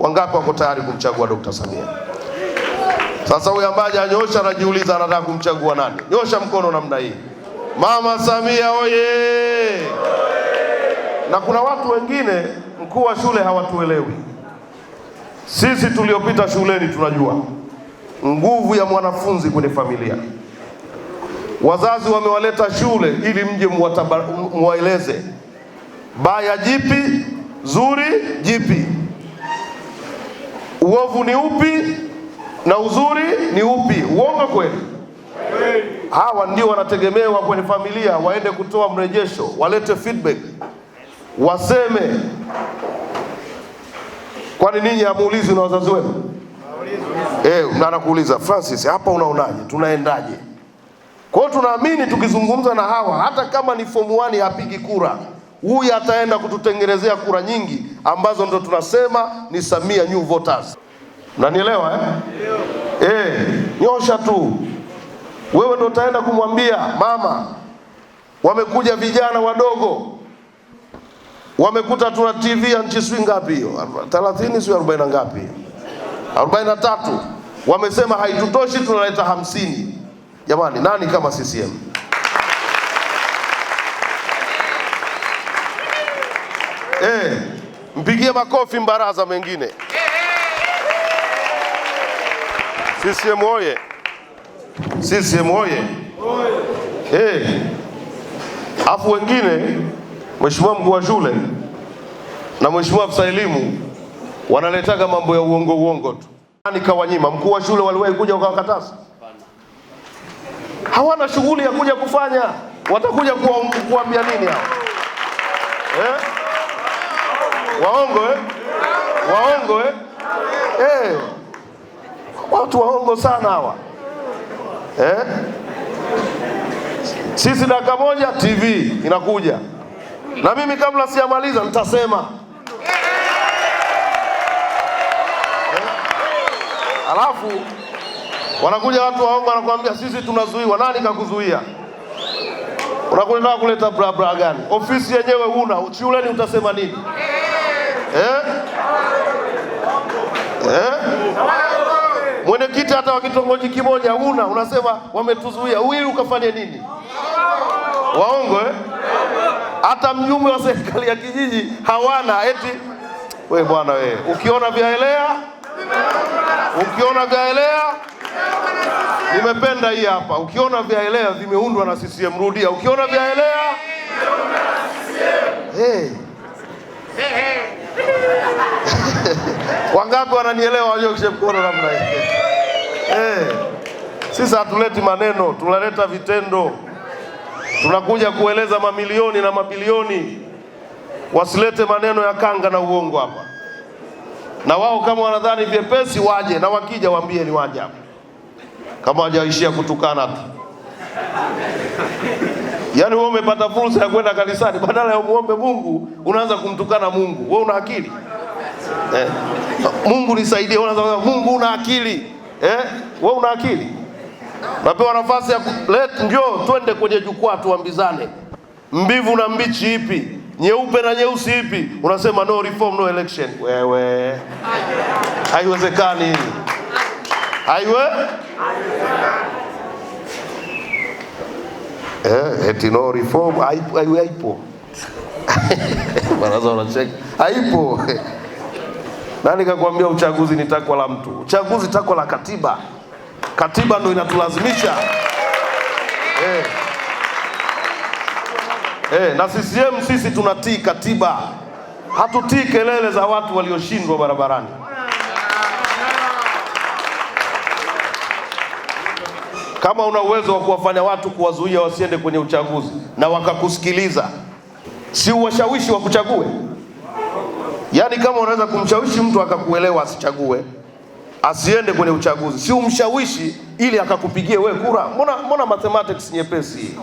Wangapi wako tayari kumchagua Dr. Samia? Sasa huyu ambaye anyosha anajiuliza anataka kumchagua nani? Nyosha mkono namna hii. Mama Samia oye! Na kuna watu wengine mkuu wa shule hawatuelewi. Sisi tuliopita shuleni tunajua nguvu ya mwanafunzi kwenye familia. Wazazi wamewaleta shule ili mje mwaeleze baya jipi, zuri jipi. Uovu ni upi na uzuri ni upi? Uongo kweli? Hawa ndio wanategemewa kwenye familia, waende kutoa mrejesho, walete feedback, waseme. Kwani ninyi hamuulizi na wazazi wenu? Eh, anakuuliza Francis, hapa unaonaje? Tunaendaje? Kwa hiyo tunaamini tukizungumza na hawa, hata kama ni form 1 hapigi kura huyu ataenda kututengenezea kura nyingi ambazo ndo tunasema ni Samia new voters. Mnanielewa eh? Eh, nyosha tu wewe ndo utaenda kumwambia mama, wamekuja vijana wadogo wamekuta tuna TV ya nchi swi ngapi hiyo 30 sio 40 ngapi 43 wamesema haitutoshi tunaleta hamsini. Jamani, nani kama CCM? Eh, mpigie makofi Mbaraza mengine. CCM oye! CCM oye! Eh, afu wengine, mheshimiwa mkuu wa shule na mheshimiwa afisa elimu wanaletaga mambo ya uongo uongo tu. Nani kawanyima? Mkuu wa shule waliwahi kuja wakawakataza? Hawana shughuli ya kuja kufanya, watakuja kuwaambia nini hao? Eh? Waongo eh? Waongo eh? Eh. Watu waongo sana hawa eh? Sisi dakika moja TV inakuja, na mimi kabla sijamaliza nitasema eh? Alafu wanakuja watu waongo wanakuambia sisi tunazuiwa. Nani kakuzuia? Unakwenda kuleta bla bla gani? Ofisi yenyewe huna, shuleni utasema nini? eh? Eh? Mwenyekiti hata wa kitongoji kimoja una unasema wametuzuia. Uwili ukafanye nini? Waongo eh? Hata mjumbe wa serikali ya kijiji hawana. Eti we bwana we, ukiona vyaelea, ukiona vyaelea nimependa hii hapa. Ukiona vyaelea vimeundwa na CCM, rudia. Ukiona vyaelea hey. Wangapi wananielewa? Wanyoshe mkono namna hii. Eh, sisi hatuleti maneno, tunaleta vitendo. Tunakuja kueleza mamilioni na mabilioni, wasilete maneno ya kanga na uongo hapa. Na wao kama wanadhani vyepesi waje, na wakija waambie ni waje hapa, kama hajaishia kutukana tu. Yaani wewe umepata fursa ya kwenda kanisani, badala ya umuombe Mungu unaanza kumtukana Mungu. Wewe una akili eh? Mungu nisaidie. Mungu una akili eh? Wewe una akili, napewa nafasi ya let, njoo twende kwenye jukwaa tuambizane, mbivu na mbichi ipi? Nyeupe na nyeusi ipi? Unasema no reform, no election. Wewe haiwezekani, haiwe eh, eti no reform haipo, haipo. Baraza wanacheka haipo Nani kakuambia uchaguzi ni takwa la mtu? Uchaguzi takwa la katiba. Katiba ndo inatulazimisha eh. Eh, na CCM sisi tunatii katiba, hatutii kelele za watu walioshindwa barabarani. Kama una uwezo wa kuwafanya watu kuwazuia wasiende kwenye uchaguzi na wakakusikiliza, si uwashawishi kuchague Yaani kama unaweza kumshawishi mtu akakuelewa asichague asiende kwenye uchaguzi, si umshawishi ili akakupigie we kura. Mbona mbona mathematics nyepesi.